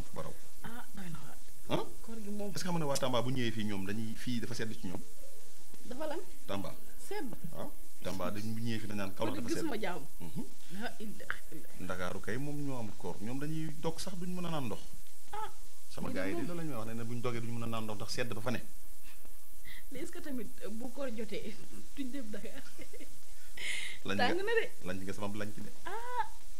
ñoom fu baraw. ah doy xam ne waa Tamba bu ñëwee fii ñoom dañuy fii dafa sedd ci ñoom. dafa lan Tamba. sedd waaw ah, Tamba dañ bu ñëwee fii dañ naan kaw dafa mhm. ndakaaru kay moom ñoo ñoom dañuy dog sax duñ mën a naan ndox. Ah, sama gars yi de la ñuy wax ne buñ dogee duñ mën a naan ndox ndax sedd ba fa ne. mais est-ce tamit euh, bu koor jotee duñ dem Dakar. tàng na de lañ nga sama lañ ci de. Ah,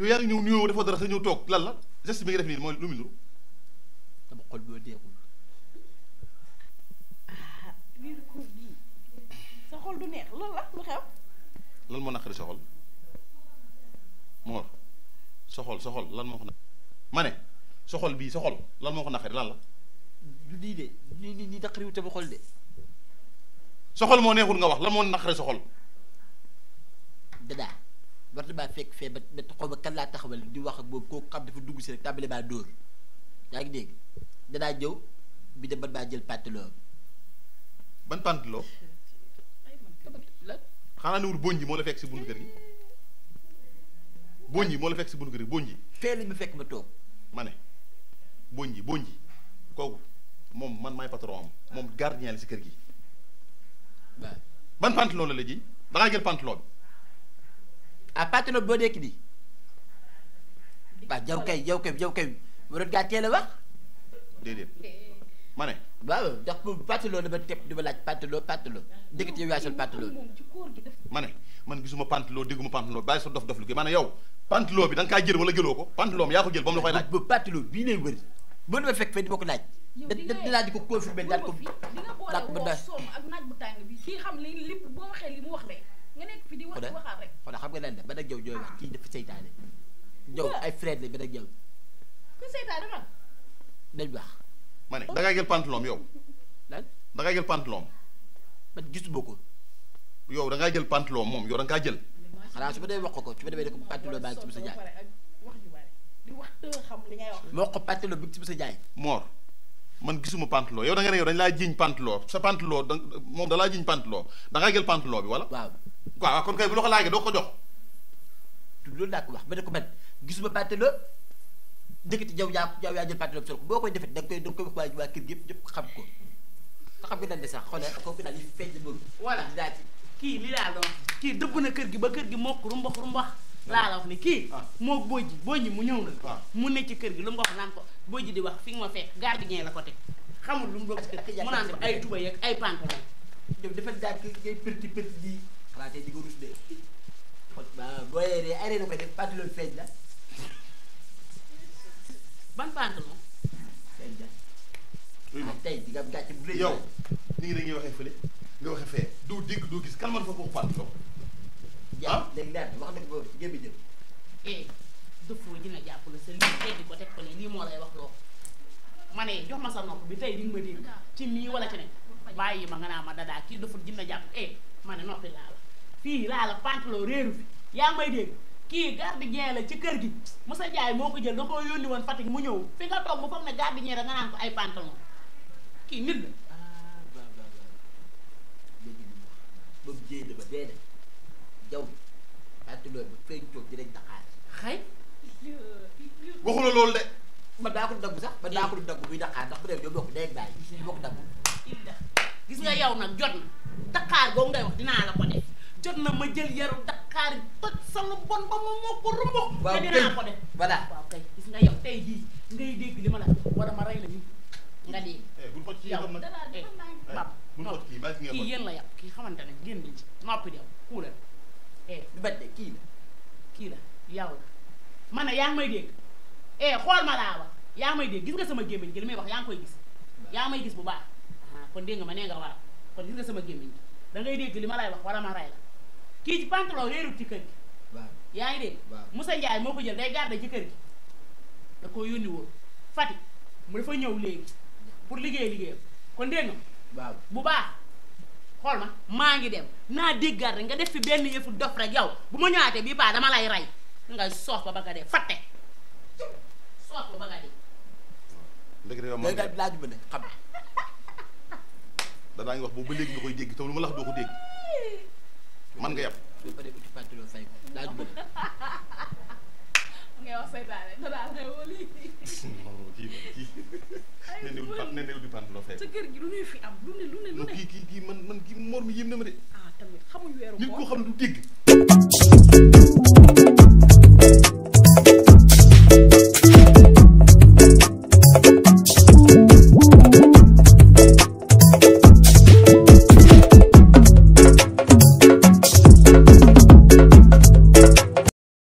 yow yaa ngi ñëw nuyoo defoo dara sa ñëw toog lan la geste bi nga def nii mooy lu mu bi deekul. Ah, sa xol du neex lan la lu xew. lan moo naqari soxol xol Mor lan moo ko naqari ma bii sa xol moo ko naqari lan la. du lii de nii nii nii naqariwul sama xol de. sa moo neexul nga wax lan moo naqari soxol xol. war na maa fekk fee ba ne xaw ma kan laa taxawal di wax ak moom kooku xam dafa dugg si rek tàmbali maa dóor yaa ngi dégg danaa jëw bi de man maa jël pantalon ban pantalon xanaa ne wul bonji moo la fekk si buntu kër gi bonji moo si buntu kër gi bonji fee la ma fekk ma toog ma ne bonji bonji kooku moom man maay patron am moom gardien la si kër gi ban pantalon la la ji da ngaa jël pantalon bi à partir de boo nekk nii waaw jaw kay jaw kay jaw ngaa teel a wax. déedéet ma ne. waaw ndax moom pantalon dama teg dama laaj pantalon pantalon ndeket yow yaa sol pantalon. ma ne man gisuma pantalon dégguma pantalon bàyyi sa dof-dof lu kii ma ne yow pantalon bi da nga kaa jël wala jëloo ko pantalon bi yaa ko jël ba mu bu pantalon bii lay wër mën ma fekk fee di ko laaj. da da di ko confirmer daal ko. laaj ko ba doy. ak naaj bu tàng bi kii xam li lépp boo waxee li mu wax xam nga lan la Badak Jaw jooy wax kii dafa seytaane Jaw ay frère la ba Jaw ku seytaane man dañ wax ma ne da ngay jël pantalon yow lan da ngay jël pantalon man ko yow da ngay jël pantalon moom yow da nga kaa jël xanaa su ma demee wax ko su ma demee ne ko pantalon baa ngi ci Moussa Ndiaye moo ko pantalon bi ngi moor man gisuma pantalon yow da nga ne yow dañ laa jiiñ pantalon sa pantalon da moom laa jiiñ pantalon da jël pantalon bi wala waaw kon kay bu la ko laajee doo ko jox. loolu laa ko wax ba ne ko man gisuma pàttali la ndekete jaw yaa jaw yaa jël pàttali sol ko boo koy defee da nga koy da nga koy wax waa waa kër gi xam ko nga xam ko daal de sax xoolee kooku daal di feeñ loolu. daa kii li kii dëbb na kër gi ba kër gi mokk rumbax rumbax ah. laa la wax ni kii. Ah. mook boo boo ji mu ñëw na. Ah. ci kër gi lu mu wax ko boo ji di wax fi nga ma fekk gardien la ko teg xamul lu mu doon ay tuba yeeg ay pantalon. yow dafa daal kii xalaatee di ko rus de booyee de arrêté ko def pantalon feej la ban pantalon feej la tey di nga gàcce bu yow ni ngi dañuy waxee fële nga waxee fee doo dégg doo gis kan man fa ko pantalon ah léegi leer wax dëgg boobu ci gémmi jëm eh dëppoo dina jàpp la sa lii tey di ko teg ko nii lii moo lay wax loo ma ne jox ma sa nopp bi tey di nga ma dégg ci mii wala ci ne bàyyi ma nga naa ma dadaa kii dafa dina jàpp eh ma noppi laa la fii laa la pantalon réeru fi yaa may dégg kii gardien la ci kër gi Moussa Ndiaye moo ko jël da koo yónni woon Fatick mu ñëw fi nga toog mu foog ne gardien da nga naan ko ay pantalon la ah, dee dagg sax man daa ko dagg buy nag daqaar boobu ngay wax dinaa la ko def jot na ma jël yaru Dakar toj sa lu bon ba mu moo ko rumbu. waaw kay kay gis nga yow tey jii ngay dégg li ma la wala ma rey la ñu nga dee. bu ko ci yow nag eh, eh, bu ko kii yéen la yàpp kii xamante ne génn ci noppi yow kuu la eh, du bat de kii la kii la yow la ma ne yaa ngi may dégg eh xool ma laa wax yaa may dégg gis nga sama gémmiñ gi li may wax yaa ngi koy gis yaa may gis bu baax ah, kon dégg nga ma nee nga waaw kon gis nga sama gémmiñ gi da ngay dégg li ma lay wax wala ma la kii ci pantalon réerut ci kër gi yaa ngi dégg Moussa Ndiaye moo ko jël day garde ci kër gi da koo yónni woon mu dafa ñëw léegi pour liggéey liggéeyam kon dégg nga bu baax xool ma maa ngi dem naa déggaat rek nga def fi benn yëfu dof rek yow bu ma ñëwaatee bii baa dama lay rey nga soof ba bagga dee fatte soof ba bagga dee ndekete laaj ba ne xam danaa ngi wax boobu ba léegi nga koy dégg te lu ma lax doo ko dégg man nga yab. ne néew di pan ne néew di pan loo fay. sa kër gi lu ñuy fi am lu ne lu ne lu ne. kii kii man man kii moor mi yéem na ma de. ah tamit xamuñ weeru koor nit koo xam du dégg.